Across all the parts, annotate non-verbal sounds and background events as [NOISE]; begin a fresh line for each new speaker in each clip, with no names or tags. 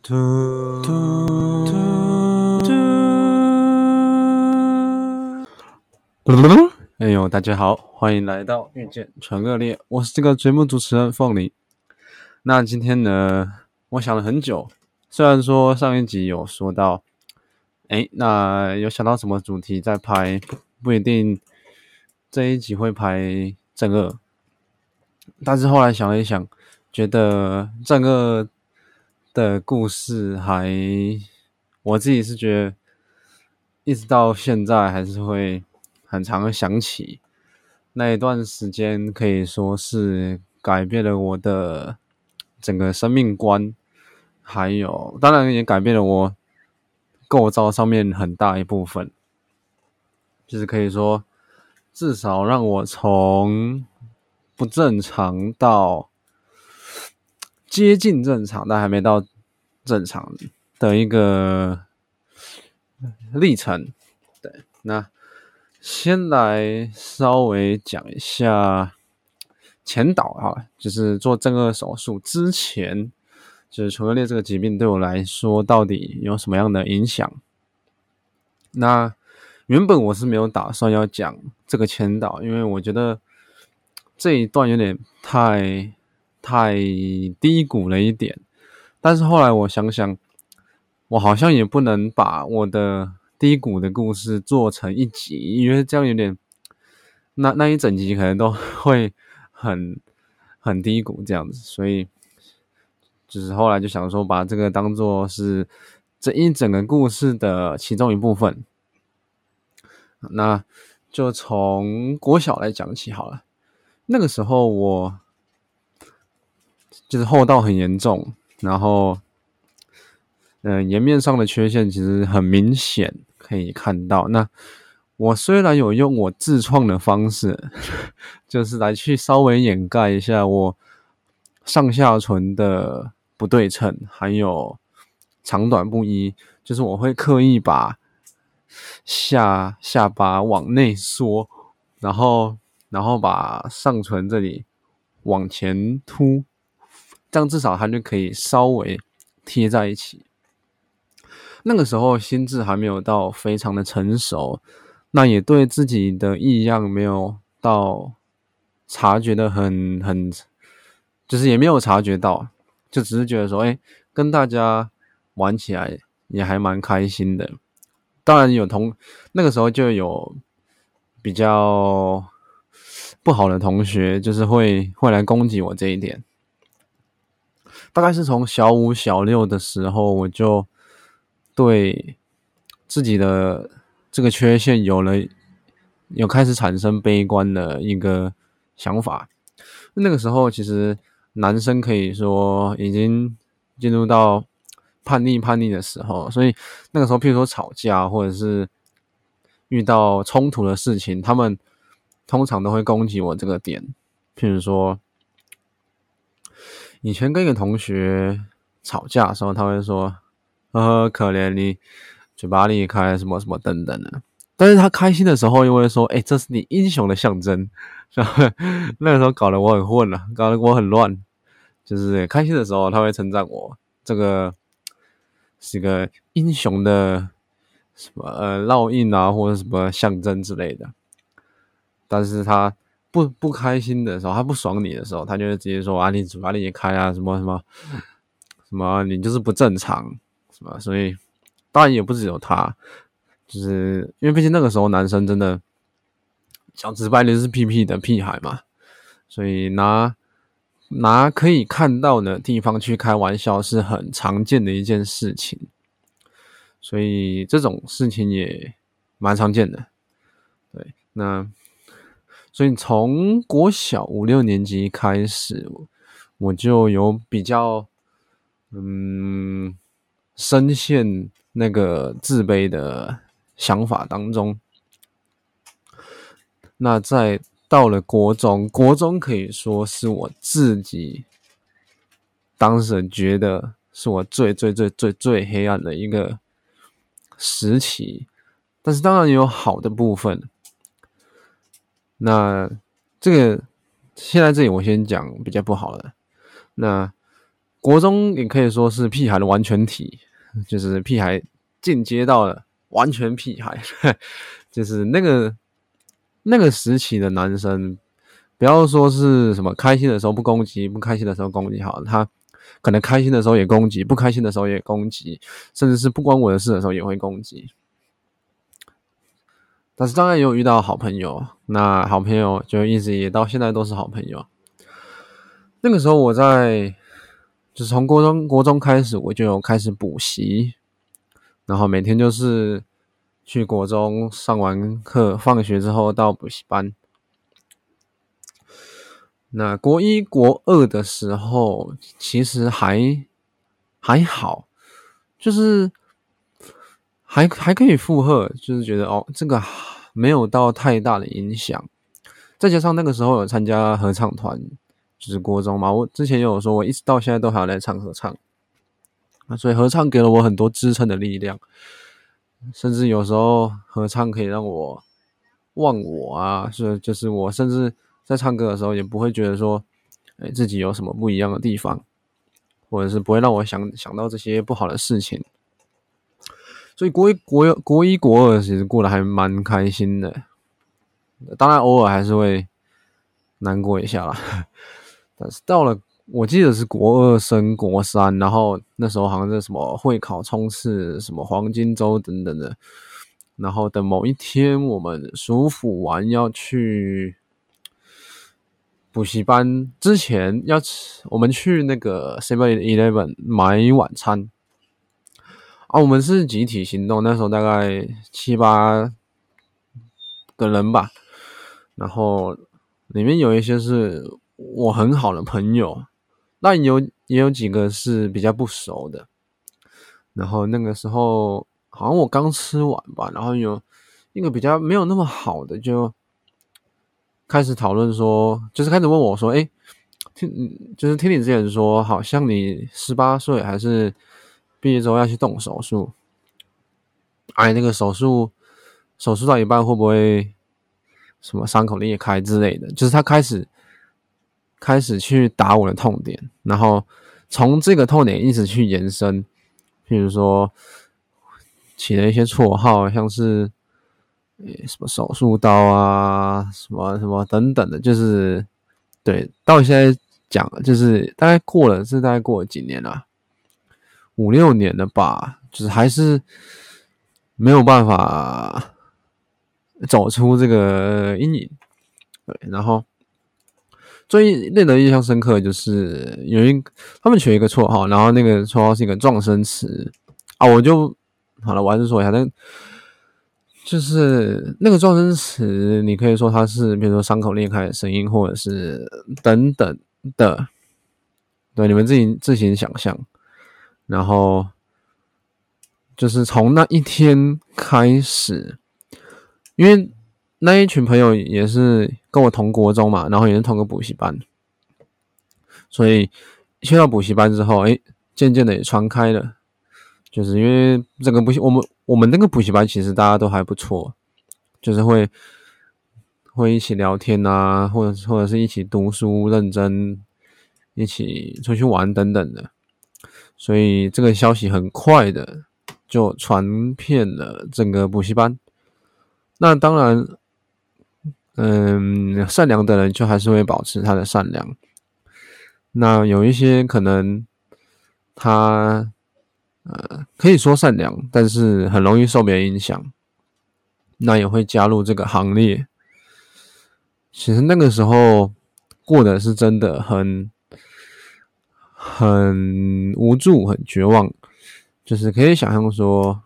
嘟嘟嘟！哎呦，大家好，歡迎來到遇見純惡劣。我是這個節目主持人鳳梨。那今天呢，我想了很久，雖然說上一集有說到，哎，那有想到什麼主題在拍，不一定這一集會拍正顎，但是後來想了一想，覺得正顎的故事還，我自己是覺得，一直到現在還是會很常想起那一段時間，可以說是改變了我的整個生命觀，還有當然也改變了我構造上面很大一部分，就是可以說至少讓我從不正常到。接近正常，但還沒到正常的一個歷程。對，那先來稍微講一下前導啊，就是做正顎手術之前，就是唇腭裂這個疾病對我來說到底有什麼樣的影響？那原本我是沒有打算要講這個前導，因為我覺得這一段有點太。太低谷了一點，但是後來我想想，我好像也不能把我的低谷的故事做成一集，因為這樣有點，那那一整集可能都會很很低谷這樣子，所以只、就是後來就想說把這個當做是整一整個故事的其中一部分，那就從國小來講起好了，那個時候我。就是戽斗很嚴重，然後，嗯、呃，顏面上的缺陷其實很明顯，可以看到。那我雖然有用我自創的方式， [LAUGHS] 就是來去稍微掩蓋一下我上下唇的不對稱，還有長短不一，就是我會刻意把下下巴往內縮，然後然後把上唇這裡往前凸。這樣至少還就可以稍微貼在一起。那個時候心智還沒有到非常的成熟，那也對自己的異樣沒有到察覺的很很，就是也沒有察覺到，就只是覺得說，哎，跟大家玩起來也還蠻開心的。當然有同那個時候就有比較不好的同學，就是會會來攻擊我這一點。大概是從小五小六的時候，我就對自己的這個缺陷有了，有開始產生悲觀的一個想法。那個時候，其實男生可以說已經進入到叛逆叛逆的時候，所以那個時候，譬如說吵架或者是遇到衝突的事情，他們通常都會攻擊我這個點，譬如說。以前跟一個同學吵架的時候，他會說：“呵呵，可憐你，嘴巴裂開什麼什麼等等的。”但是，他開心的時候又會說：“哎、欸，這是你英雄的象徵。”然後那個時候搞得我很混了，啊，搞得我很亂。就是、欸、開心的時候，他會稱讚我這個是一個英雄的什麼呃烙印啊，或者什麼象徵之類的。但是他。不不開心的時候，他不爽你的時候，他就會直接說啊：“啊，你嘴巴也開啊，什麼什麼，什麼你就是不正常，什麼。”所以當然也不只有他，就是因為畢竟那個時候男生真的，講直白點是屁屁的屁孩嘛，所以拿拿可以看到的地方去開玩笑是很常見的一件事情，所以這種事情也蠻常見的，對那。所以從國小五六年級開始，我就有比較，嗯，深陷那個自卑的想法當中。那在到了國中，國中可以說是我自己當時覺得是我最最最最最最黑暗的一個時期，但是當然也有好的部分。那這個現在這裡我先講比較不好的。那國中也可以說是屁孩的完全體，就是屁孩進階到了完全屁孩， [LAUGHS] 就是那個那個時期的男生，不要說是什麼開心的時候不攻擊，不開心的時候攻擊好，他可能開心的時候也攻擊，不開心的時候也攻擊，甚至是不關我的事的時候也會攻擊。但是當然也有遇到好朋友，那好朋友就一直也到現在都是好朋友。那個時候我在，就是從國中國中開始我就有開始補習，然後每天就是去國中上完課，放學之後到補習班。那國一國二的時候，其實還還好，就是還還可以負荷，就是覺得哦這個。沒有到太大的影響，再加上那個時候有參加合唱團，就是國中嘛。我之前也有說，我一直到現在都還在唱合唱啊，所以合唱給了我很多支撐的力量，甚至有時候合唱可以讓我忘我啊，是就是我甚至在唱歌的時候也不會覺得說，哎，自己有什麼不一樣的地方，或者是不會讓我想想到這些不好的事情。所以國一、國國一、國二其實過得還蠻開心的，當然偶爾還是會難過一下啦。但是到了我記得是國二升國三，然後那時候好像是什麼會考衝刺、什麼黃金周等等的。然後等某一天我們暑輔完要去補習班之前，要吃，我們去那個 Seven Eleven 買晚餐。啊，我們是集體行動，那時候大概七八個人吧，然後裡面有一些是我很好的朋友，那有也有幾個是比較不熟的，然後那個時候好像我剛吃完吧，然後有那個比較沒有那麼好的就開始討論說，就是開始問我說，欸，聽就是聽你之前說，好像你十八歲還是？畢業之後要去動手術，哎、啊，那個手術手術到一半會不會什麼傷口裂開之類的？就是他開始開始去打我的痛點，然後從這個痛點一直去延伸，比如說起了一些綽號，像是、欸、什麼手術刀啊、什麼什麼等等的，就是對，到現在講就是大概過了是大概過了幾年了，啊。五六年了吧，就是還是沒有辦法走出這個陰影。對，然後最令人印象深刻就是有一他們取了一個綽號，然後那個綽號是一個狀聲詞啊，我就好了，我還是說一下，那就是那個狀聲詞，你可以說它是比如說傷口裂開的聲音，或者是等等的，對，你們自己自行想象然後就是從那一天開始，因為那一群朋友也是跟我同國中嘛，然後也是同個補習班，所以去到補習班之後，哎，漸漸的也傳開了。就是因為這個補習，我們我們那個補習班其實大家都還不錯，就是會會一起聊天啊，或者或者是一起讀書認真，一起出去玩等等的。所以這個消息很快的就傳遍了整個補習班。那當然，嗯，善良的人就還是會保持他的善良。那有一些可能他呃可以說善良，但是很容易受別人影響，那也會加入這個行列。其實那個時候過的是真的很。很無助，很絕望，就是可以想象說，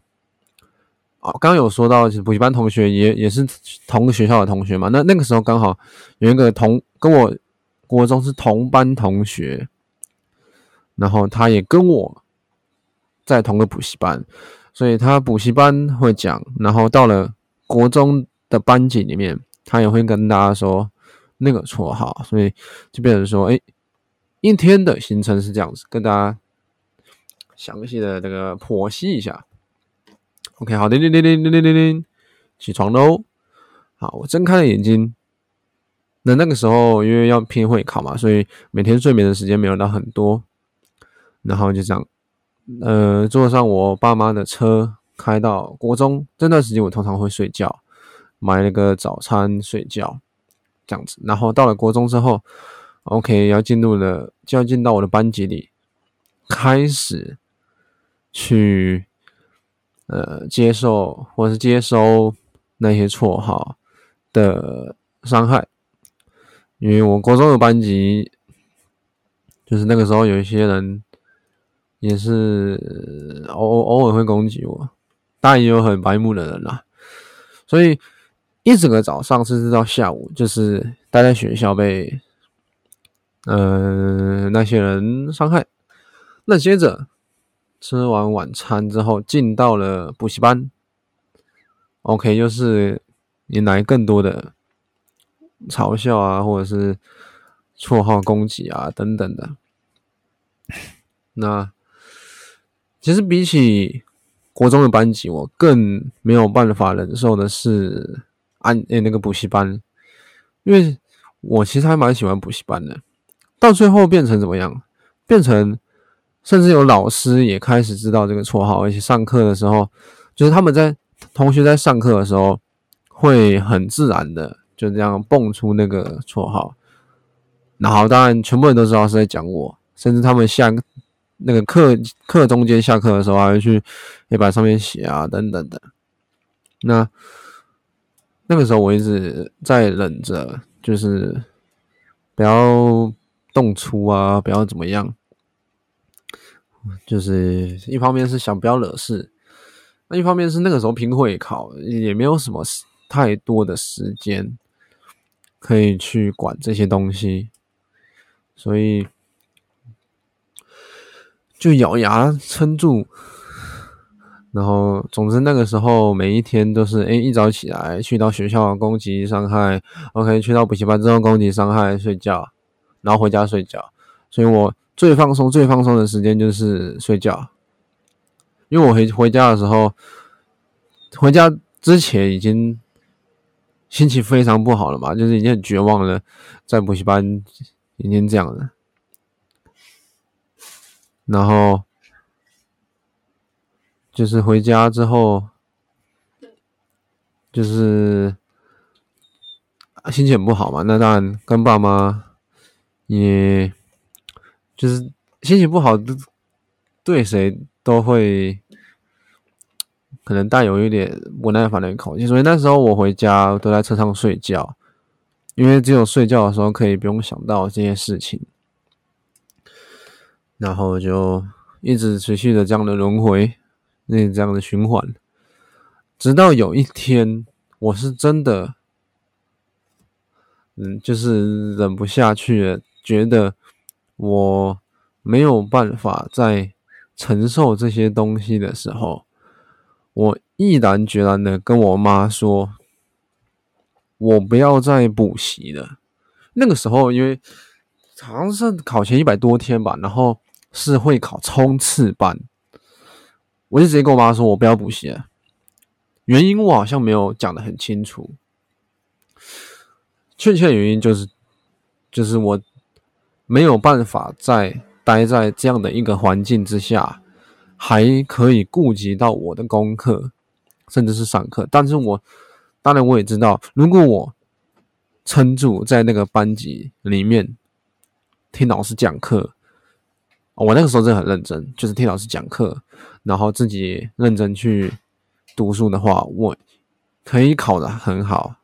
哦，剛剛有說到，就是補習班同學也也是同個學校的同學嘛。那那個時候剛好有一個同跟我國中是同班同學，然後他也跟我在同個補習班，所以他補習班會講，然後到了國中的班級裡面，他也會跟大家說那個綽號，所以就變成說，哎、欸。一天的行程是這樣子，跟大家詳細的這個剖析一下。OK，好，叮叮叮叮叮叮叮起床嘍！好，我睜開了眼睛。那那個時候因為要拼會考嘛，所以每天睡眠的時間沒有到很多。然後就這樣，呃，坐上我爸媽的車，開到國中。這段時間我通常會睡覺，買那個早餐睡覺，這樣子。然後到了國中之後。OK，要進入了，就要進到我的班級裡，開始去呃接受或是接收那些綽號的傷害，因為我國中的班級就是那個時候有一些人也是偶偶爾會攻擊我，但也有很白目的人啦，所以一整個早上甚至到下午就是待在學校被。嗯、呃，那些人傷害。那接着吃完晚餐之後，進到了補習班。OK，就是迎來更多的嘲笑啊，或者是綽號攻擊啊，等等的。那其實比起國中的班級，我更沒有辦法忍受的是安誒、欸、那個補習班，因為我其實還蠻喜歡補習班的。到最後變成怎麼樣？變成甚至有老師也開始知道這個綽號，而且上課的時候，就是他們在，同學在上課的時候，會很自然的就這樣蹦出那個綽號。然後當然全部人都知道是在講我，甚至他們下那個課課中間下課的時候、啊，還會去黑板上面寫啊等等等。那那個時候我一直在忍着，就是不要。動粗啊！不要怎麼樣，就是一方面是想不要惹事，那一方面是那個時候拼會考，也沒有什麼太多的時間可以去管這些東西，所以就咬牙撐住。然後，總之那個時候每一天都是：哎、欸，一早起來去到學校攻擊傷害，OK，去到補習班之後攻擊傷害，睡覺。然後回家睡覺，所以我最放鬆、最放鬆的時間就是睡覺，因為我回回家的時候，回家之前已經心情非常不好了嘛，就是已經很絕望了，在補習班已經這樣了，然後就是回家之後，就是心情很不好嘛，那當然跟爸媽。你、yeah, 就是心情不好，對誰都會可能帶有一點不耐煩的口氣。所以那時候我回家都在車上睡覺，因為只有睡覺的時候可以不用想到這些事情。然後就一直持續著這樣的輪回，那這樣的循環，直到有一天，我是真的，嗯，就是忍不下去了。覺得我沒有辦法再承受這些東西的時候，我毅然決然的跟我媽說：“我不要再補習了。”那個時候，因為好像是考前一百多天吧，然後是會考衝刺班，我就直接跟我媽說：“我不要補習了。”原因我好像沒有講得很清楚，確切的原因就是，就是我。沒有辦法再待在這樣的一個環境之下，還可以顧及到我的功課，甚至是上課。但是我當然我也知道，如果我撐住在那個班級裡面聽老師講課，我那個時候是很認真，就是聽老師講課，然後自己認真去讀書的話，我可以考得很好。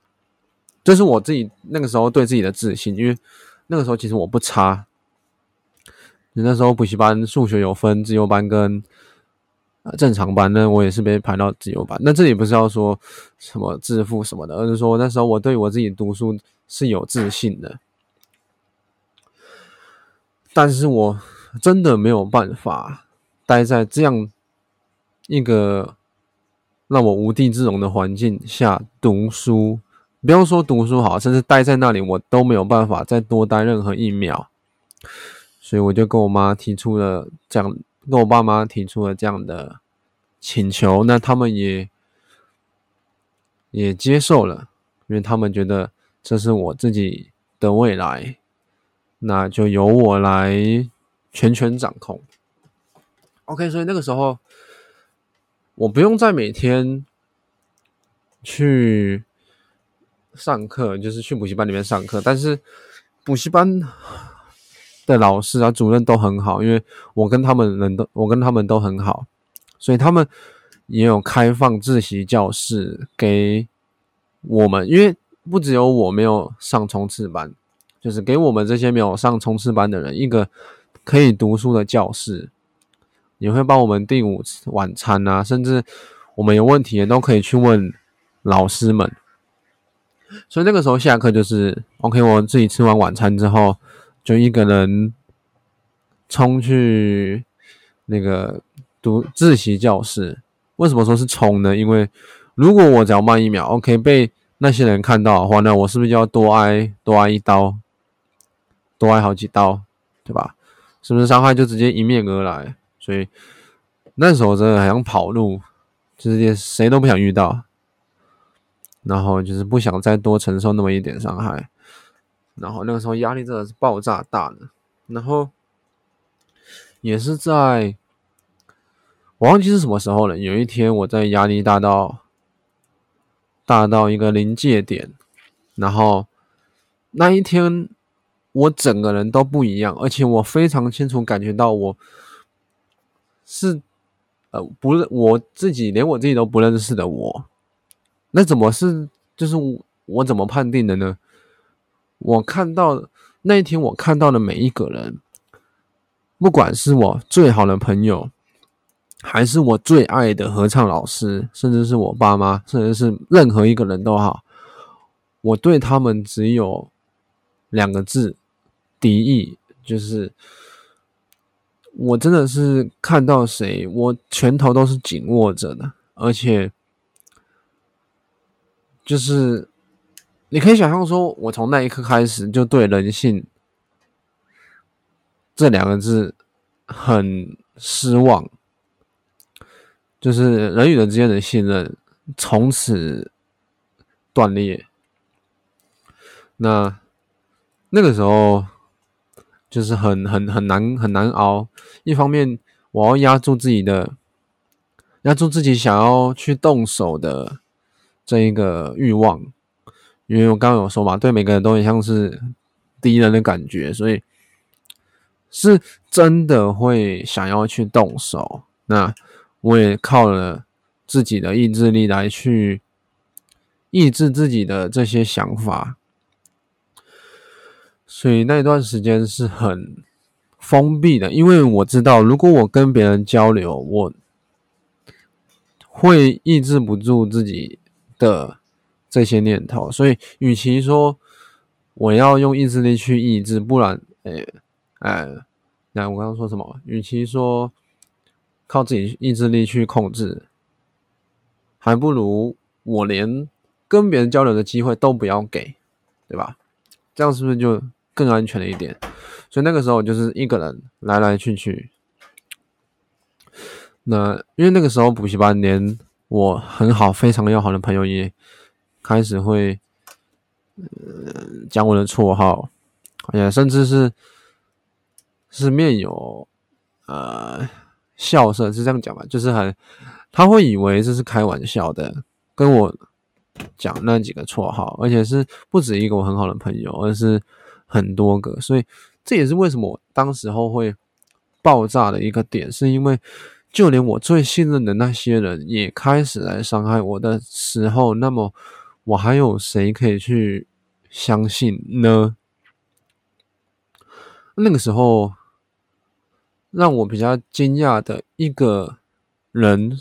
這，就是我自己那個時候對自己的自信，因為。那個時候其實我不差，你那時候補習班數學有分自由班跟啊正常班呢，那我也是被排到自由班。那這裡不是要說什麼自負什麼的，而是說那時候我對我自己讀書是有自信的，但是我真的沒有辦法待在這樣一個讓我無地自容的環境下讀書。不要說讀書好，甚至待在那裡，我都沒有辦法再多待任何一秒，所以我就跟我媽提出了這樣，跟我爸媽提出了這樣的請求，那他們也也接受了，因為他們覺得這是我自己的未來，那就由我來全權掌控。OK，所以那個時候我不用再每天去。上課就是去補習班裡面上課，但是補習班的老師啊、主任都很好，因為我跟他們人都我跟他們都很好，所以他們也有開放自習教室給我們，因為不只有我沒有上衝刺班，就是給我們這些沒有上衝刺班的人一個可以讀書的教室，也會幫我們訂午晚餐啊，甚至我們有問題也都可以去問老師們。所以那個時候下課就是 OK，我自己吃完晚餐之後，就一個人衝去那個讀，讀自習教室。為什麼說是衝呢？因為如果我只要慢一秒，OK，被那些人看到的話，那我是不是就要多挨多挨一刀，多挨好幾刀，對吧？是不是傷害就直接迎面而來？所以那時候真的很想跑路，直接誰都不想遇到。然後就是不想再多承受那麼一點傷害，然後那個時候壓力真的是爆炸大的，然後也是在，我忘記是什麼時候了。有一天我在壓力大到大到一個臨界點，然後那一天我整個人都不一樣，而且我非常清楚感覺到我是，呃，不，我自己連我自己都不認識的我。那怎麼是？就是我怎麼判定的呢？我看到那一天，我看到的每一個人，不管是我最好的朋友，還是我最愛的合唱老師，甚至是我爸媽，甚至是任何一個人都好，我對他們只有兩個字：敵意。就是我真的是看到誰，我拳頭都是緊握着的，而且。就是，你可以想象，說我從那一刻開始就對人性這兩個字很失望，就是人與人之間的信任從此斷裂。那那個時候就是很很很難很難熬，一方面我要壓住自己的，壓住自己想要去動手的。這一個欲望，因為我剛剛有說嘛，對每個人都很像是敵人的感覺，所以是真的會想要去動手。那我也靠了自己的意志力來去抑制自己的這些想法，所以那段時間是很封閉的。因為我知道，如果我跟別人交流，我會抑制不住自己，的這些念頭，所以與其說我要用意志力去抑制，不然，哎哎，那我剛剛說什麼？與其說靠自己意志力去控制，還不如我連跟別人交流的機會都不要給，對吧？這樣是不是就更安全了一點？所以那個時候就是一個人來來去去，那因為那個時候補習班連我很好，非常要好的朋友也開始會，呃，講我的綽號，而且甚至是是面有呃笑色，是這樣講吧，就是很，他會以為這是開玩笑的，跟我講那幾個綽號，而且是不止一個我很好的朋友，而是很多個，所以這也是為什麼我當時候會爆炸的一個點，是因為。就連我最信任的那些人也開始來傷害我的時候，那麼我還有誰可以去相信呢？那個時候，讓我比較驚訝的一個人，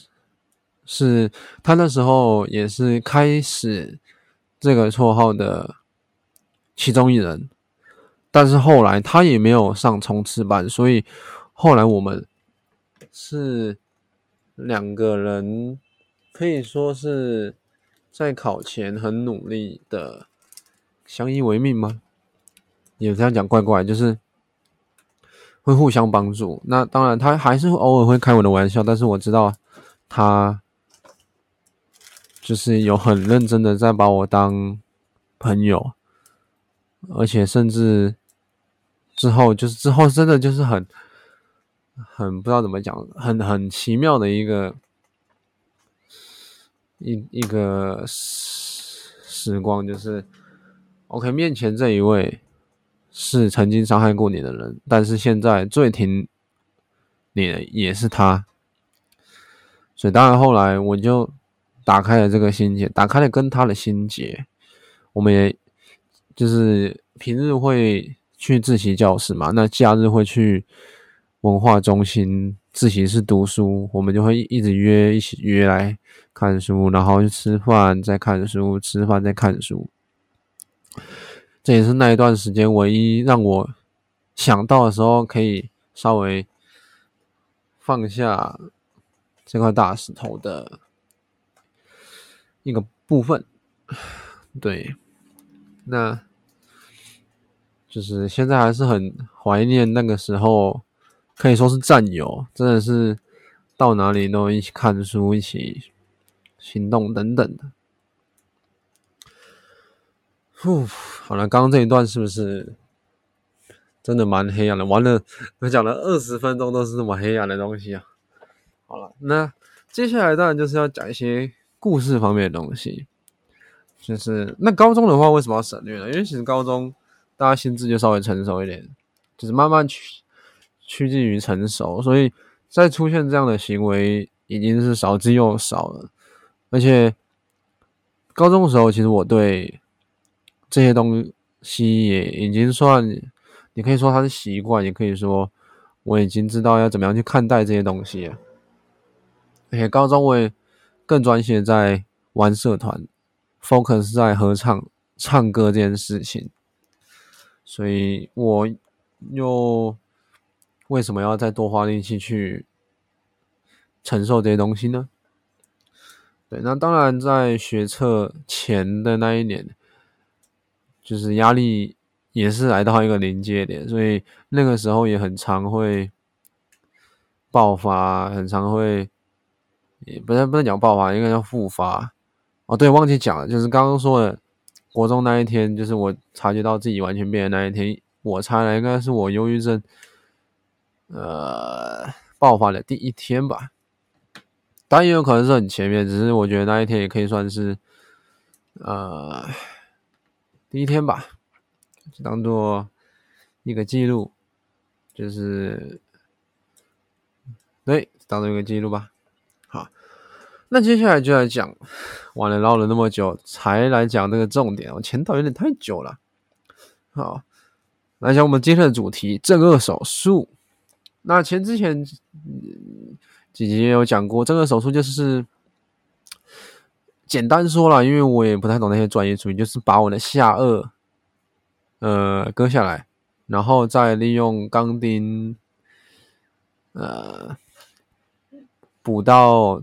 是他那時候也是開始這個綽號的其中一人，但是後來他也沒有上衝刺班，所以後來我們。是兩個人，可以說是在考前很努力的相依為命嗎？也這樣講怪怪，就是會互相幫助。那當然，他還是偶爾會開我的玩笑，但是我知道他就是有很認真的在把我當朋友，而且甚至之後就是之後真的就是很。很不知道怎麼講，很很奇妙的一個一一個時光，就是，OK，面前這一位是曾經傷害過你的人，但是現在最挺你的也是他，所以當然後來我就打開了這個心結，打開了跟他的心結。我們也就是平日會去自習教室嘛，那假日會去，文化中心自習室讀書，我們就會一直約一起約來看書，然後去吃飯再看書，吃飯再看書。這也是那一段時間唯一讓我想到的時候可以稍微放下這塊大石頭的一個部分。對，那就是現在還是很懷念那個時候。可以說是戰友，真的是到哪裡都一起看書、一起行動等等的。呼，好了，剛剛這一段是不是真的蠻黑暗的？完了，我講了二十分鐘都是這麼黑暗的東西啊！好了，那接下來當然就是要講一些故事方面的東西。就是那高中的話，為什麼要省略呢？因為其實高中大家心智就稍微成熟一點，就是慢慢去。趨近於成熟，所以，再出現這樣的行為已經是少之又少了。而且，高中的時候，其實我對這些東西也已經算，你可以說他的習慣，也可以說我已經知道要怎麼樣去看待這些東西。而、欸、且，高中我也更專心在玩社團 [NOISE] ，focus 在合唱唱歌這件事情，所以我又。為什麼要再多花力氣去承受這些東西呢？對，那當然，在學測前的那一年，就是壓力也是來到一個臨界點，所以那個時候也很常會爆發，很常會，也不能不能講爆發，應該叫復發。哦，對，忘記講了，就是剛剛說的，國中那一天，就是我察覺到自己完全變的那一天，我猜呢，應該是我憂鬱症，呃，爆發的第一天吧，當然也有可能是很前面。只是我覺得那一天也可以算是，呃，第一天吧，就當做一個記錄，就是，對，當做一個記錄吧。好，那接下來就來講，完了嘮了那麼久才來講這個重點，我前導有點太久了。好，來講我們今天的主題：正顎手術。那前之前，姐姐也有講過，這個手術就是簡單說了，因為我也不太懂那些專業術語，就是把我的下顎，呃，割下來，然後再利用鋼釘，呃，補到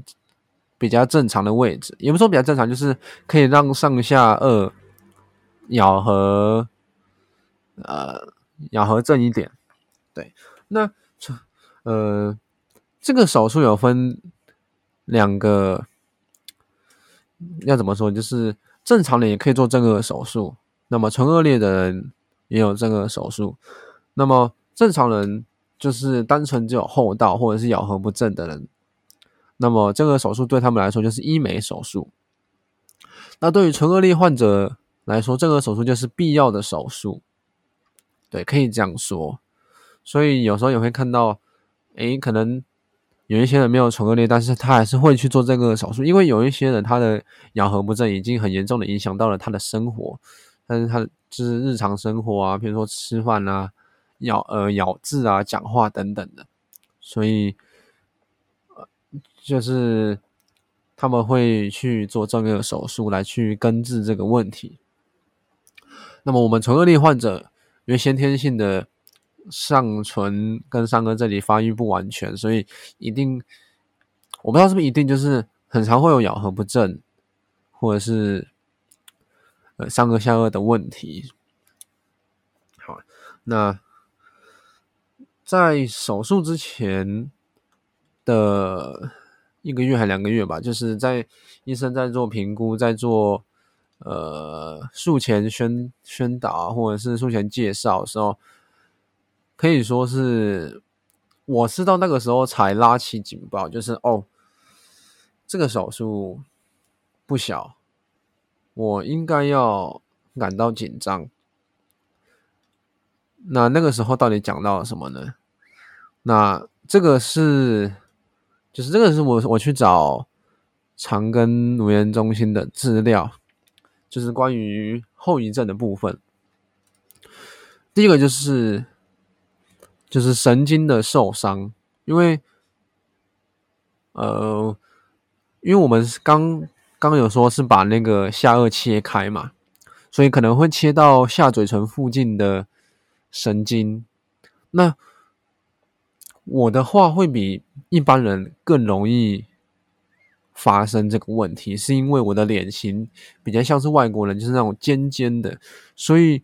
比較正常的位置，也不說比較正常，就是可以讓上下顎咬合，呃，咬合正一點。對，那。呃，這個手術有分兩個，要怎麼說？就是正常人也可以做這個手術，那麼唇顎裂的人也有這個手術。那麼正常人就是單純只有戽斗或者是咬合不正的人，那麼這個手術對他們來說就是醫美手術。那對於唇顎裂患者來說，這個手術就是必要的手術，對，可以這樣說。所以有時候也會看到。誒，可能有一些人沒有唇腭裂，但是他還是會去做這個手術，因為有一些人他的咬合不正已經很嚴重的影響到了他的生活，但是他就是日常生活啊，比如說吃飯啊，咬呃咬字啊，講話等等的，所以呃就是他們會去做這個手術來去根治這個問題。那麼我們唇腭裂患者因為先天性的。上唇跟上顎這裡發育不完全，所以一定，我不知道是不是一定，就是很常會有咬合不正，或者是呃上顎下顎的問題。好，那在手術之前的一個月還兩個月吧，就是在醫生在做評估、在做呃術前宣宣導或者是術前介紹的時候。可以說是，我是到那個時候才拉起警報，就是哦，這個手術不小，我應該要感到緊張。那那個時候到底講到了什麼呢？那這個是，就是這個是我我去找長庚顱顏中心的資料，就是關於後遺症的部分。第一個就是。就是神經的受傷，因為，呃，因為我們剛剛有說是把那個下顎切開嘛，所以可能會切到下嘴唇附近的神經。那我的話會比一般人更容易發生這個問題，是因為我的臉型比較像是外國人，就是那種尖尖的，所以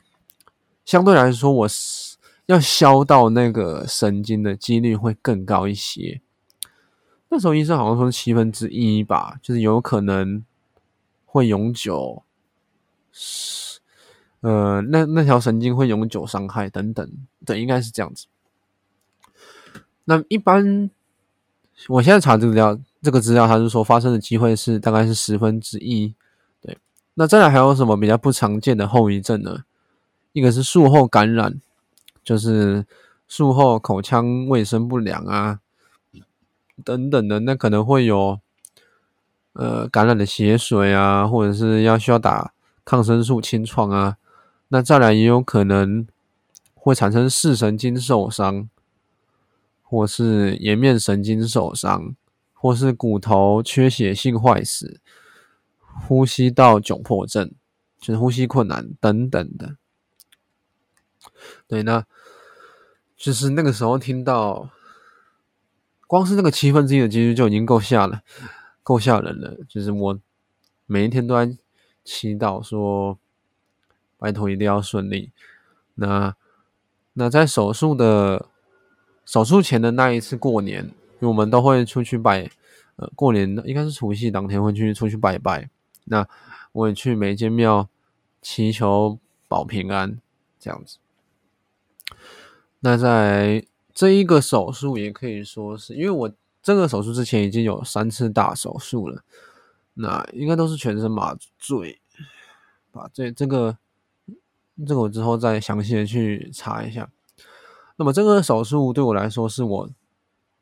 相對來說我是。要削到那個神經的幾率會更高一些。那時候醫生好像說七分之一吧，就是有可能會永久，呃，那那條神經會永久傷害等等，對，應該是這樣子。那一般我現在查這個資料，這個資料，它是說發生的機會是大概是十分之一，10, 對。那再來還有什麼比較不常見的後遺症呢？一個是術後感染。就是術後口腔衛生不良啊，等等的，那可能會有呃感染的血水啊，或者是要需要打抗生素清創啊。那再來也有可能會產生視神經受傷，或是顏面神經受傷，或是骨頭缺血性壞死，呼吸道窘迫症，就是呼吸困難等等的。對，那就是那個時候聽到，光是那個七分之一的幾率就已經夠嚇了，夠嚇人了。就是我每一天都在祈禱說，說拜托一定要順利。那那在手術的手術前的那一次過年，因為我們都會出去拜，呃，過年應該是除夕當天會去出去拜拜。那我也去每間廟祈求保平安，這樣子。那在這一個手術也可以說是因為我這個手術之前已經有三次大手術了，那應該都是全身麻醉。把這這個這個我之後再詳細的去查一下。那麼這個手術對我來說是我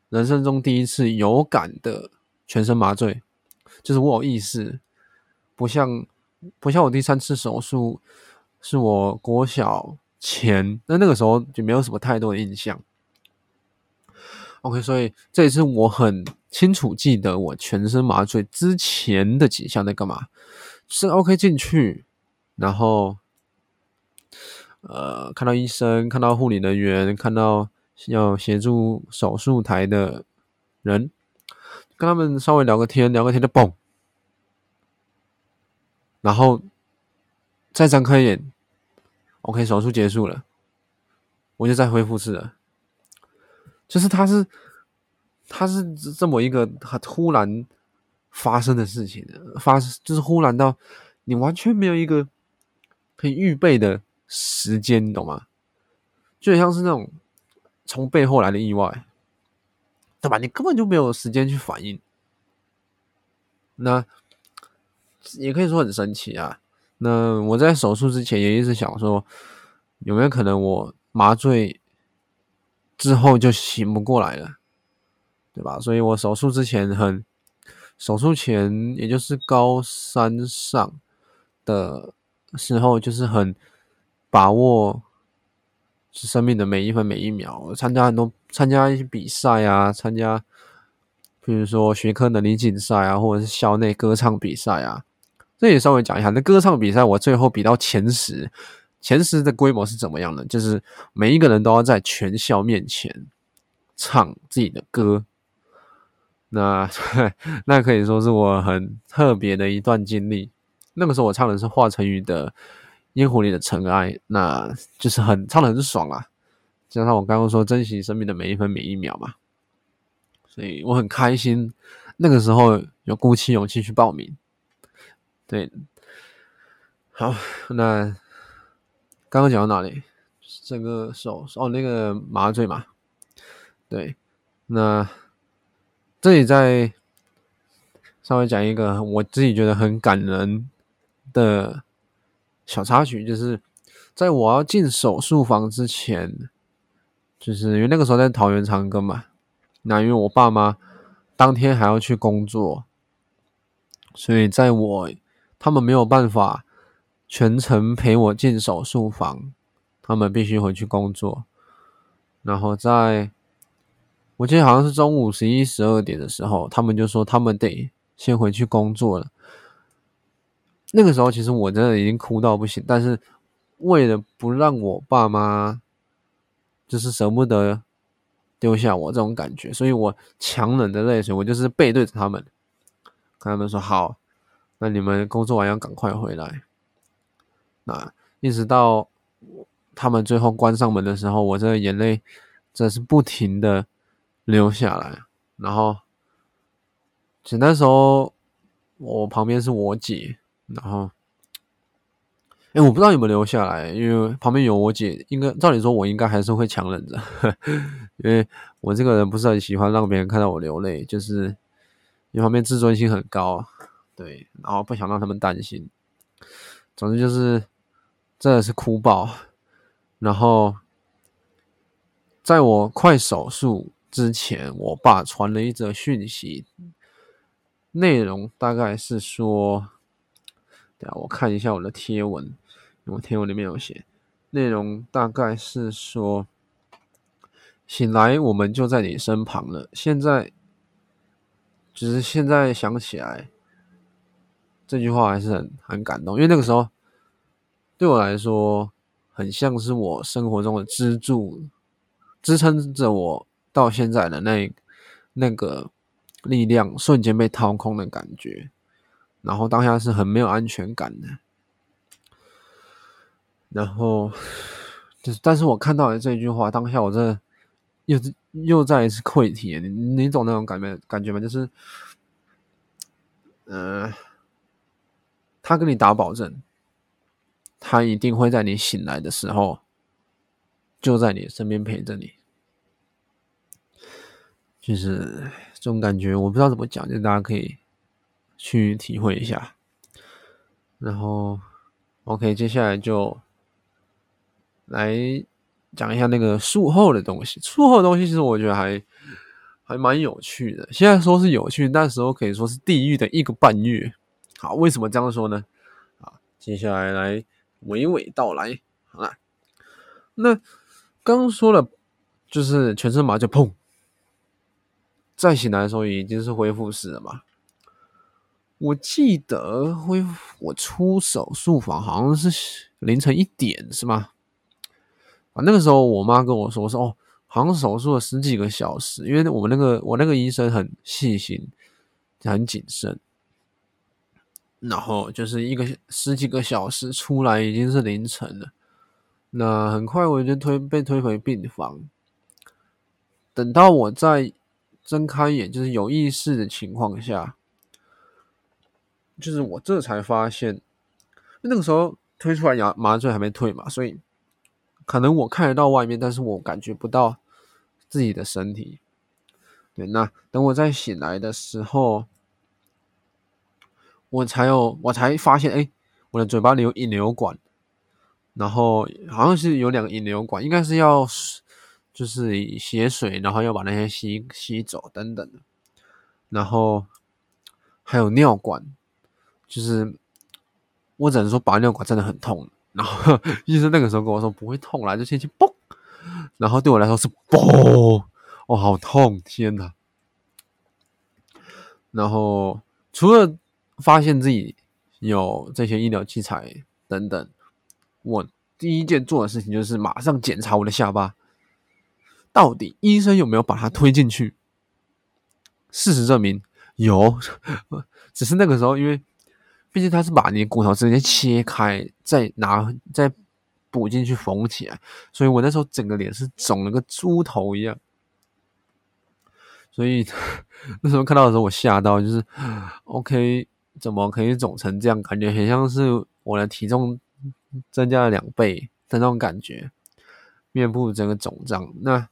人生中第一次有感的全身麻醉，就是我有意識，不像不像我第三次手術是我國小。前，那那個時候就沒有什麼太多的印象。OK，所以這也是我很清楚記得我全身麻醉之前的景象在幹嘛？是 OK 進去，然後呃，看到醫生，看到護理人員，看到要協助手術台的人，跟他們稍微聊個天，聊個天就嘣，然後再張開眼。OK，手術結束了，我就在恢復室了。就是他是，他是這麼一個很突然發生的事情，發生，就是忽然到你完全沒有一個可以預備的時間，你懂嗎？就像是那種從背後來的意外，對吧？你根本就沒有時間去反應。那也可以說很神奇啊。那我在手術之前也一直想說，有沒有可能我麻醉之後就醒不過來了，對吧？所以我手術之前很，手術前也就是高三上的時候，就是很把握生命的每一分每一秒。我參加很多，參加一些比賽啊，參加，比如說學科能力競賽啊，或者是校內歌唱比賽啊。那也稍微講一下，那歌唱比賽我最後比到前十，前十的規模是怎麼樣的？就是每一個人都要在全校面前唱自己的歌。那 [LAUGHS] 那可以說是我很特別的一段經歷。那個時候我唱的是華晨宇的《煙火裡的塵埃》，那就是很唱的很爽啊。加上我剛剛說珍惜生命的每一分每一秒嘛，所以我很開心。那個時候有鼓起勇氣去報名。對，好，那剛剛講到哪裡？整個手哦，那個麻醉嘛。對，那這裡再稍微講一個我自己覺得很感人的小插曲，就是在我要進手術房之前，就是因為那個時候在桃園長庚嘛，那因為我爸媽當天還要去工作，所以在我。他們沒有辦法全程陪我進手術房，他們必須回去工作。然後在我記得好像是中午十一、十二點的時候，他們就說他們得先回去工作了。那個時候其實我真的已經哭到不行，但是為了不讓我爸媽就是捨不得丟下我這種感覺，所以我強忍着淚水，我就是背對着他們，跟他們說好。那你們工作完要趕快回來。那一直到他們最後關上門的時候，我這個眼淚真是不停的流下來。然後，就那時候，我旁邊是我姐。然後，哎、欸，我不知道有沒有流下來，因為旁邊有我姐，應該照理說，我應該還是會強忍着，因為我這個人不是很喜歡讓別人看到我流淚，就是一方面自尊心很高。對，然後不想讓他們擔心。總之就是，真的是哭爆。然後，在我快手術之前，我爸傳了一則訊息，內容大概是說：對啊，我看一下我的貼文，我貼文裡面有寫，內容大概是說：醒來，我們就在你身旁了。現在，只是現在想起來。這句話還是很很感動，因為那個時候對我來說，很像是我生活中的支柱，支撐着我到現在的那那個力量瞬間被掏空的感覺，然後當下是很沒有安全感的。然後，就是但是我看到了這句話，當下我這又又再一次潰體，你你懂那種感覺感覺嗎？就是，嗯、呃。他跟你打保證，他一定會在你醒來的時候，就在你身邊陪着你。就是這種感覺我不知道怎麼講，就大家可以去體會一下。然後，OK，接下來就來講一下那個術後的東西。術後的東西其實我覺得還還蠻有趣的。現在說是有趣，那時候可以說是地獄的一個半月。啊，為什麼這樣說呢？啊，接下來來娓娓道來。好啦，那剛說了，就是全身麻醉，碰。再醒來的時候已經是恢復室了嘛。我記得恢復，我出手術房好像是凌晨一點，是嗎？啊，那個時候我媽跟我說，我說哦，好像手術了十幾個小時，因為我們那個我那個醫生很細心，很謹慎。然後就是一個十幾個小時出來已經是凌晨了，那很快我就推，被推回病房。等到我再睜開眼，就是有意識的情況下，就是我這才發現，那個時候推出來麻，麻醉還沒退嘛，所以可能我看得到外面，但是我感覺不到自己的身體。對，那等我再醒來的時候。我才有，我才發現，哎、欸，我的嘴巴裡有引流管，然後好像是有兩個引流管，應該是要就是以血水，然後要把那些吸吸走等等，然後還有尿管，就是我只能說拔尿管真的很痛。然後 [LAUGHS] 醫生那個時候跟我說不會痛啦，就先去蹦。然後對我來說是嘣，哦好痛，天哪！然後除了發現自己有這些醫療器材等等，我第一件做的事情就是馬上檢查我的下巴，到底醫生有沒有把它推進去？事實證明有，只是那個時候因為，畢竟他是把你的骨頭直接切開，再拿再補進去縫起來，所以我那時候整個臉是腫了個豬頭一樣，所以那時候看到的時候我嚇到，就是 OK。怎麼可以腫成這樣？感覺很像是我的體重增加了兩倍的那種感覺，面部整個腫脹。那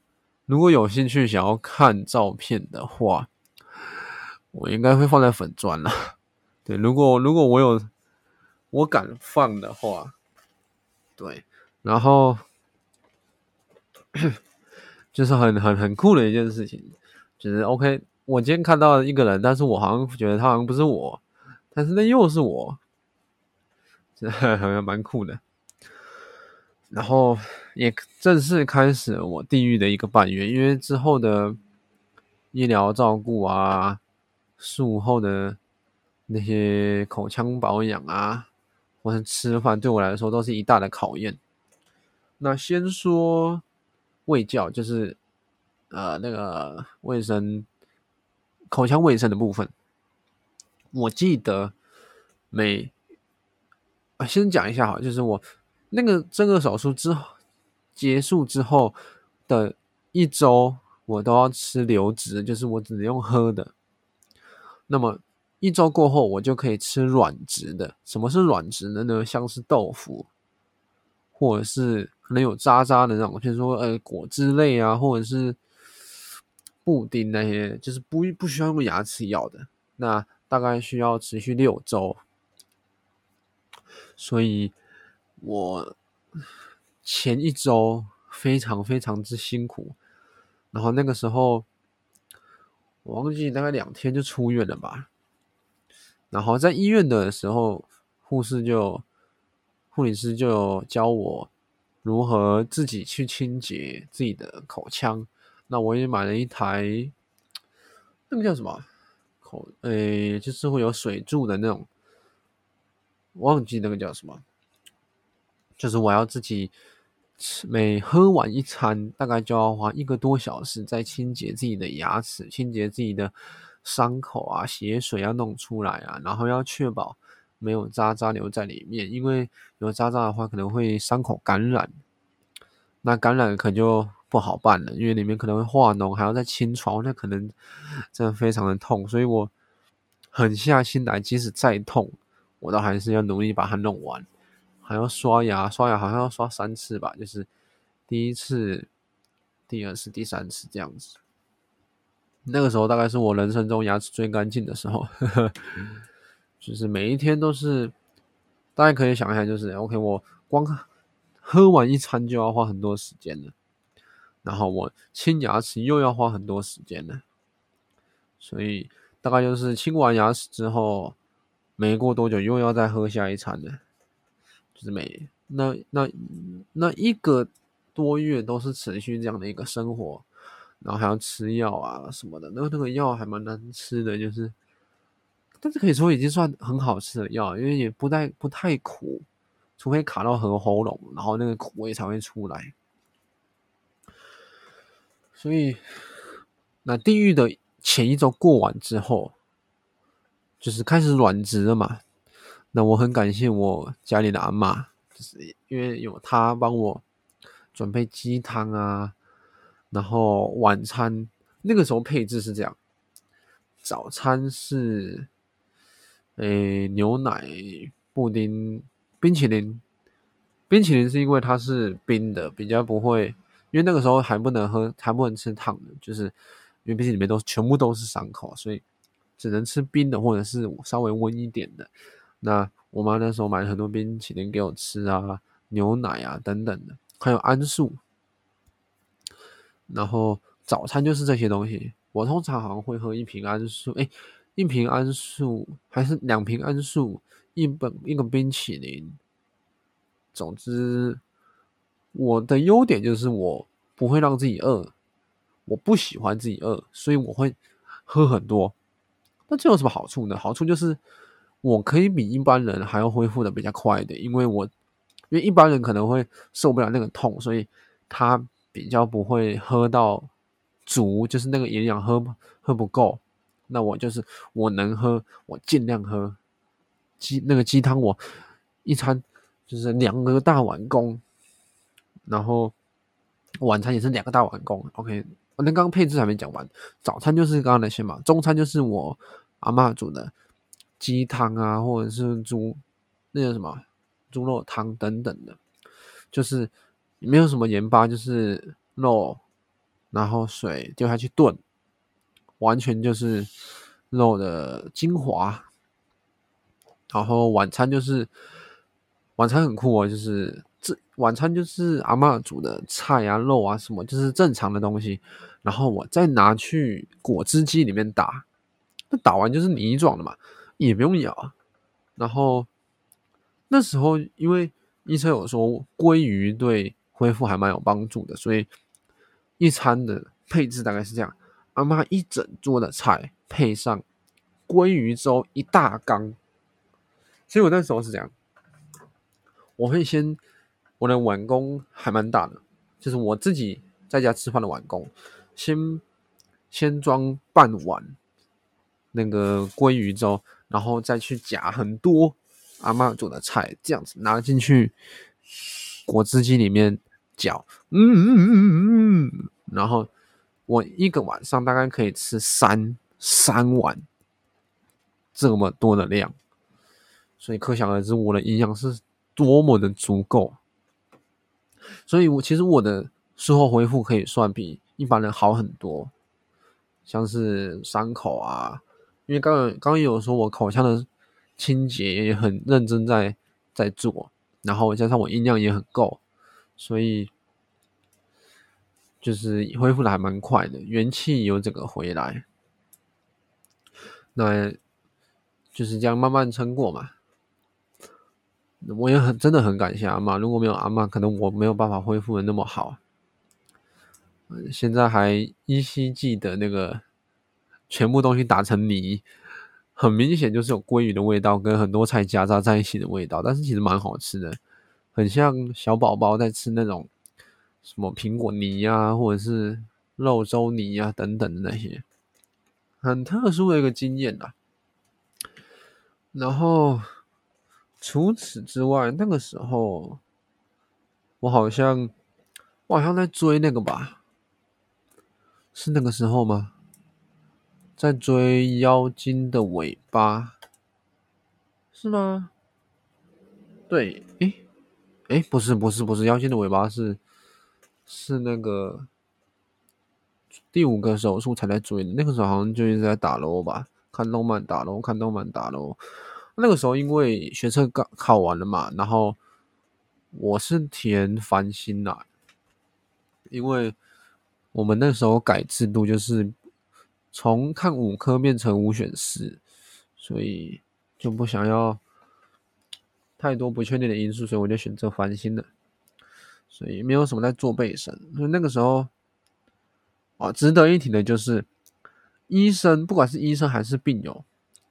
如果有興趣想要看照片的話，我應該會放在粉專啦。對，如果如果我有我敢放的話，對，然後 [COUGHS] 就是很很很酷的一件事情。就是 OK，我今天看到一個人，但是我好像覺得他好像不是我。但是那又是我，好像蠻酷的。然後也正式開始我地獄的一個半月，因為之後的醫療照顧啊、術後的那些口腔保養啊，或者吃飯對我來說都是一大的考驗。那先說衛教，就是呃那個衛生、口腔衛生的部分。我記得每……先講一下哈，就是我那個這個手術之後結束之後的一周，我都要吃流質，就是我只能用喝的。那麼一周過後，我就可以吃軟質的。什麼是軟質的呢？像是豆腐，或者是可能有渣渣的，那種就是說，呃，果汁類啊，或者是布丁那些，就是不不需要用牙齒咬的那。大概需要持續六周，所以我前一周非常非常之辛苦。然後那個時候，我忘記大概兩天就出院了吧。然後在醫院的時候，護士就護理師就教我如何自己去清潔自己的口腔。那我也買了一台，那個叫什麼？呃、欸，就是會有水柱的那種，忘記那個叫什麼，就是我要自己吃，每喝完一餐，大概就要花一個多小時在清潔自己的牙齒，清潔自己的傷口啊，血水要弄出來啊，然後要確保沒有渣渣留在裡面，因為有渣渣的話可能會傷口感染，那感染可就，不好辦了，因為裡面可能會化膿，還要再清創，那可能真的非常的痛。所以我狠下心來，即使再痛，我倒還是要努力把它弄完。還要刷牙，刷牙好像要刷三次吧，就是第一次、第二次、第三次這樣子。那個時候大概是我人生中牙齒最乾淨的時候，呵呵，就是每一天都是。大家可以想一下，就是 OK，我光喝完一餐就要花很多時間了。然後我清牙齒又要花很多時間的，所以大概就是清完牙齒之後，沒過多久又要再喝下一餐的，就是每那那那一個多月都是持續這樣的一個生活，然後還要吃藥啊什麼的，那個那個藥還蠻難吃的，就是，但是可以說已經算很好吃的藥，因為也不太不太苦，除非卡到很喉嚨，然後那個苦味才會出來。所以，那地獄的前一周過完之後，就是開始軟食了嘛。那我很感謝我家裡的阿嬤，就是因為有她幫我準備雞湯啊，然後晚餐那個時候配置是這樣：早餐是誒、欸、牛奶布丁冰淇淋，冰淇淋是因為它是冰的，比較不會。因為那個時候還不能喝，還不能吃燙的，就是因為畢竟裡面都全部都是傷口，所以只能吃冰的或者是稍微溫一點的。那我媽那時候買了很多冰淇淋給我吃啊，牛奶啊等等的，還有安素。然後早餐就是這些東西，我通常好像會喝一瓶安素，誒，一瓶安素還是兩瓶安素，一本一個冰淇淋，總之。我的優點就是我不會讓自己餓，我不喜歡自己餓，所以我會喝很多。那這有什麼好處呢？好處就是我可以比一般人還要恢復的比較快的，因為我因為一般人可能會受不了那個痛，所以他比較不會喝到足，就是那個營養喝喝不夠。那我就是我能喝，我盡量喝，雞，那個雞湯，我一餐就是兩個大碗公。然後晚餐也是兩個大碗公，OK。那剛剛配置，還沒講完，早餐就是剛剛那些嘛，中餐就是我阿嬤煮的雞湯啊，或者是豬，那個什麼豬肉湯等等的，就是沒有什麼鹽巴，就是肉，然後水丟下去燉，完全就是肉的精華。然後晚餐就是晚餐，很酷哦，就是。晚餐就是阿嬤煮的菜啊、肉啊什麼，就是正常的東西。然後我再拿去果汁機裡面打，那打完就是泥狀的嘛，也不用咬啊。然後那時候因為醫生有說鮭魚對恢復還蠻有幫助的，所以一餐的配置大概是這樣：阿嬤一整桌的菜配上鮭魚粥一大缸。所以我那時候是這樣，我會先。我的碗公還蠻大的，就是我自己在家吃飯的碗公，先先裝半碗那個鮭魚粥，然後再去夾很多阿嬤煮的菜，這樣子拿進去果汁機裡面攪，嗯嗯嗯嗯嗯，然後我一個晚上大概可以吃三三碗，這麼多的量，所以可想而知我的營養是多麼的足夠。所以我，我其實我的術後恢復可以算比一般人好很多，像是傷口啊，因為剛剛有說，我口腔的清潔也很認真在在做，然後加上我音量也很夠，所以就是恢復的還蠻快的，元氣有整個回來，那就是這樣慢慢撐過嘛。我也很真的很感謝阿嬤，如果沒有阿嬤，可能我沒有辦法恢復的那麼好。嗯，現在還依稀記得那個全部東西打成泥，很明顯就是有鮭魚的味道，跟很多菜夾雜在一起的味道，但是其實蠻好吃的，很像小寶寶在吃那種什麼蘋果泥呀，或者是肉粥泥呀，等等的那些，很特殊的一個經驗啦。然後。除此之外，那個時候，我好像，我好像在追那個吧，是那個時候嗎？在追《妖精的尾巴》是嗎？對，誒、欸。誒、欸，不是，不是，不是，《妖精的尾巴》是，是那個第五個手術才在追的。那個時候好像就一直在打擼吧，看動漫打擼，看動漫打擼。那個時候，因為學測剛考完了嘛，然後我是填繁星啦，因為我們那時候改制度，就是從看五科變成五選四，所以就不想要太多不確定的因素，所以我就選擇繁星了，所以沒有什麼在做備審。所以那個時候，啊、哦，值得一提的就是醫生，不管是醫生還是病友，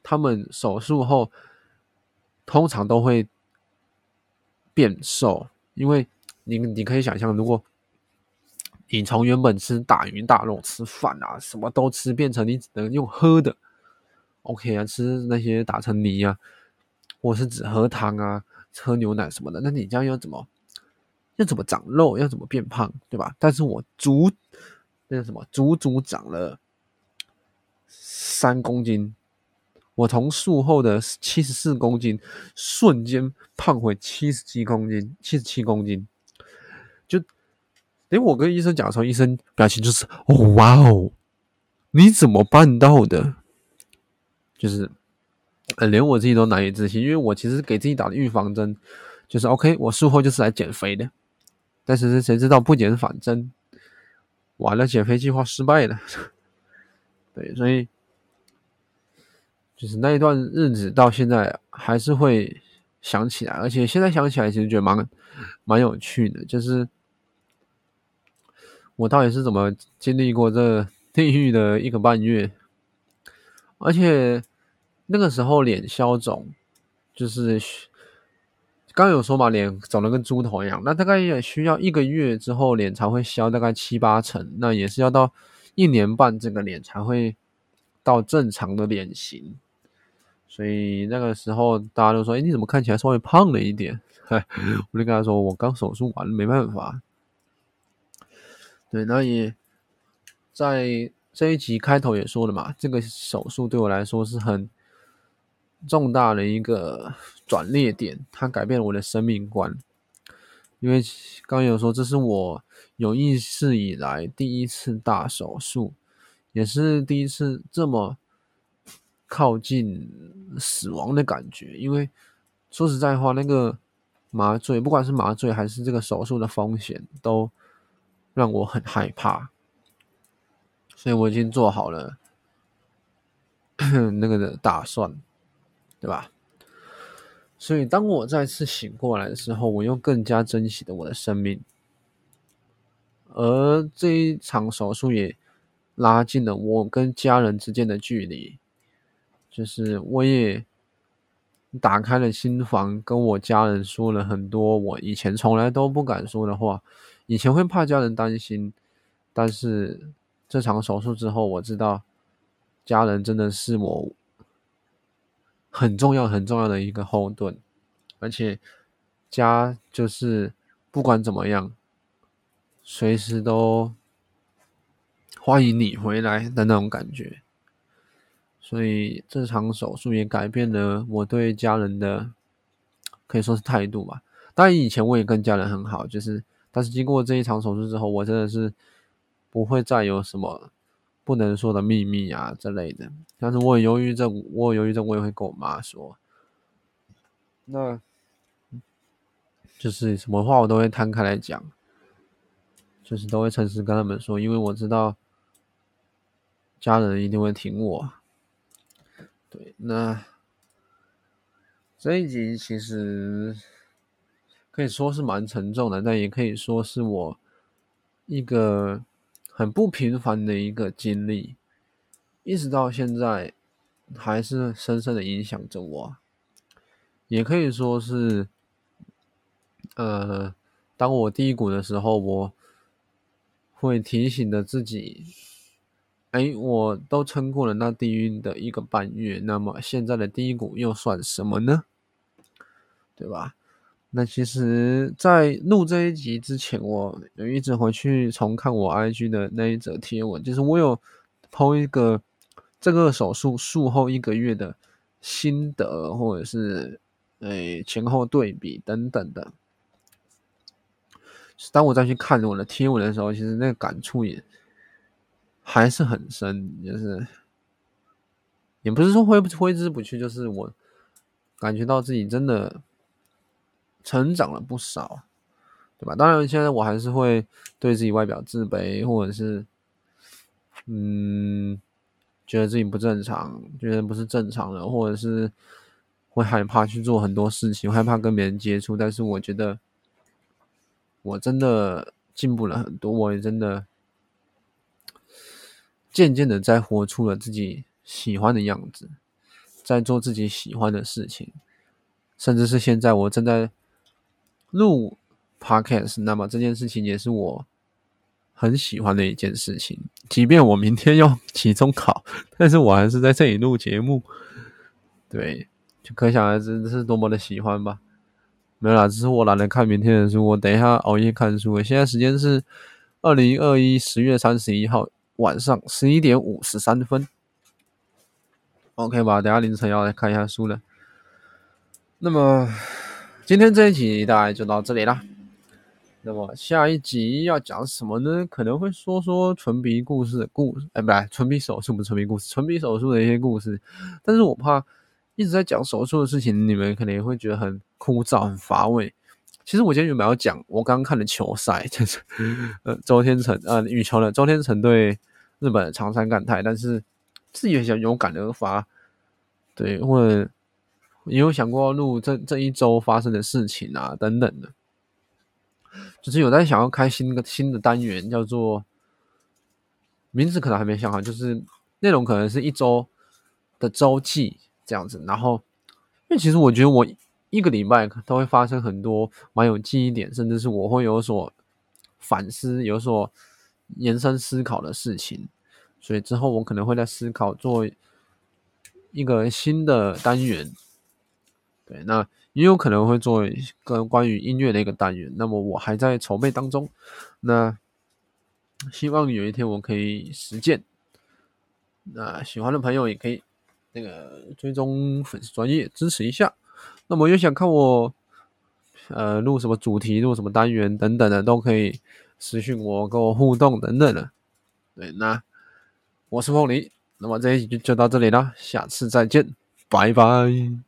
他們手術後，通常都會變瘦，因為你你可以想象，如果你從原本吃大魚大肉、吃飯啊，什麼都吃，變成你只能用喝的，OK 啊，吃那些打成泥啊，或是只喝湯啊、喝牛奶什麼的，那你這樣要怎麼要怎麼長肉，要怎麼變胖，對吧？但是我足那叫什麼，足足長了三公斤。我從術後的七十四公斤瞬間胖回七十七公斤，七十七公斤，就，哎，我跟醫生講說，醫生表情就是，哦哇哦，你怎麼辦到的？就是，連我自己都難以置信，因為我其實給自己打的預防針，就是 OK，我術後就是來減肥的，但是誰誰知道不減反增，完了減肥計劃失敗了， [LAUGHS] 對，所以。就是那一段日子到現在還是會想起來，而且現在想起來其實覺得蠻蠻有趣的。就是我到底是怎麼經歷過這地獄的一個半月？而且那個時候臉消腫，就是剛有說嘛，臉腫得跟豬頭一樣。那大概也需要一個月之後臉才會消，大概七八成。那也是要到一年半這個臉才會到正常的臉型。所以那個時候大家都說：“哎，你怎麼看起來稍微胖了一點？” [LAUGHS] 我就跟他說：“我剛手術完了，沒辦法。”對，那也在這一集開頭也說了嘛，這個手術對我來說是很重大的一個轉捩點，它改變了我的生命觀。因為剛有說，這是我有意識以來第一次大手術，也是第一次這麼。靠近死亡的感覺，因為說實在的話，那個麻醉，不管是麻醉還是這個手術的風險，都讓我很害怕。所以我已經做好了 [COUGHS] 那個的打算，對吧？所以當我再次醒過來的時候，我又更加珍惜了我的生命。而這一場手術也拉近了我跟家人之間的距離。就是我也打開了心房，跟我家人說了很多我以前從來都不敢說的話。以前會怕家人擔心，但是這場手術之後，我知道家人真的是我很重要很重要的一個後盾，而且家就是不管怎麼樣，隨時都歡迎你回來的那種感覺。所以這場手術也改變了我對家人的，可以說是態度吧。當然以前我也跟家人很好，就是但是經過這一場手術之後，我真的是不會再有什麼不能說的秘密啊之類的。但是我也猶豫著，我也猶豫著，我也會跟我媽說，那就是什麼話我都會攤開來講，就是都會誠實跟他們說，因為我知道家人一定會挺我。對，那這一集其實可以說是蠻沉重的，但也可以說是我一個很不平凡的一個經歷，一直到現在還是深深的影響着我，也可以說是，呃，當我低谷的時候，我會提醒着自己。哎，我都撐過了那地獄的一個半月，那麼現在的低谷又算什麼呢？對吧？那其實，在錄這一集之前，我有一直回去重看我 IG 的那一則貼文，就是我有 po 一個這個手術術後一個月的心得，或者是誒前後對比等等的。當我再去看我的貼文的時候，其實那個感觸也還是很深，就是也不是說揮揮之不去，就是我感覺到自己真的成長了不少，對吧？當然，現在我還是會對自己外表自卑，或者是嗯，覺得自己不正常，覺得不是正常的，或者是會害怕去做很多事情，害怕跟別人接觸。但是，我覺得我真的進步了很多，我也真的。漸漸的，在活出了自己喜歡的樣子，在做自己喜歡的事情，甚至是現在我正在錄 Podcast，那麼這件事情也是我很喜歡的一件事情。即便我明天要期中考，但是我還是在這裡錄節目。對，就可想而知這是多麼的喜歡吧。沒有啦，只是我懶得看明天的書，我等一下熬夜看書。我現在時間是二零二一十月三十一號，晚上十一點五十三分，OK 吧？等下凌晨要來看一下書了。那麼今天這一集大概就到這裡啦，那麼下一集要講什麼呢？可能會說說唇鼻故事，故哎，不對，唇鼻手術不是唇鼻故事，唇鼻手術的一些故事。但是我怕一直在講手術的事情，你們可能也會覺得很枯燥、很乏味。其實我今天原本要講我剛看的球賽，就是 [LAUGHS] 呃，周天成啊，羽球的周天成對。日本的長山幹太，但是自己想有感而發，對，或者也有想過錄這這一周發生的事情啊，等等的，只、就是有在想要開新的新的單元，叫做名字可能還沒想好，就是內容可能是一周的周記這樣子，然後因為其實我覺得我一個禮拜都會發生很多蠻有記憶點，甚至是我會有所反思，有所延伸思考的事情，所以之後我可能會在思考做一個新的單元，對，那也有可能會做一個關於音樂的一個單元。那麼我還在籌備當中，那希望有一天我可以實踐。那喜歡的朋友也可以那個追蹤粉絲專頁支持一下。那麼又想看我呃錄什麼主題、錄什麼單元等等的都可以，私信我，跟我互動等等的，對，那，我是鳳梨，那麼這一集就到這裡啦，下次再見，拜拜。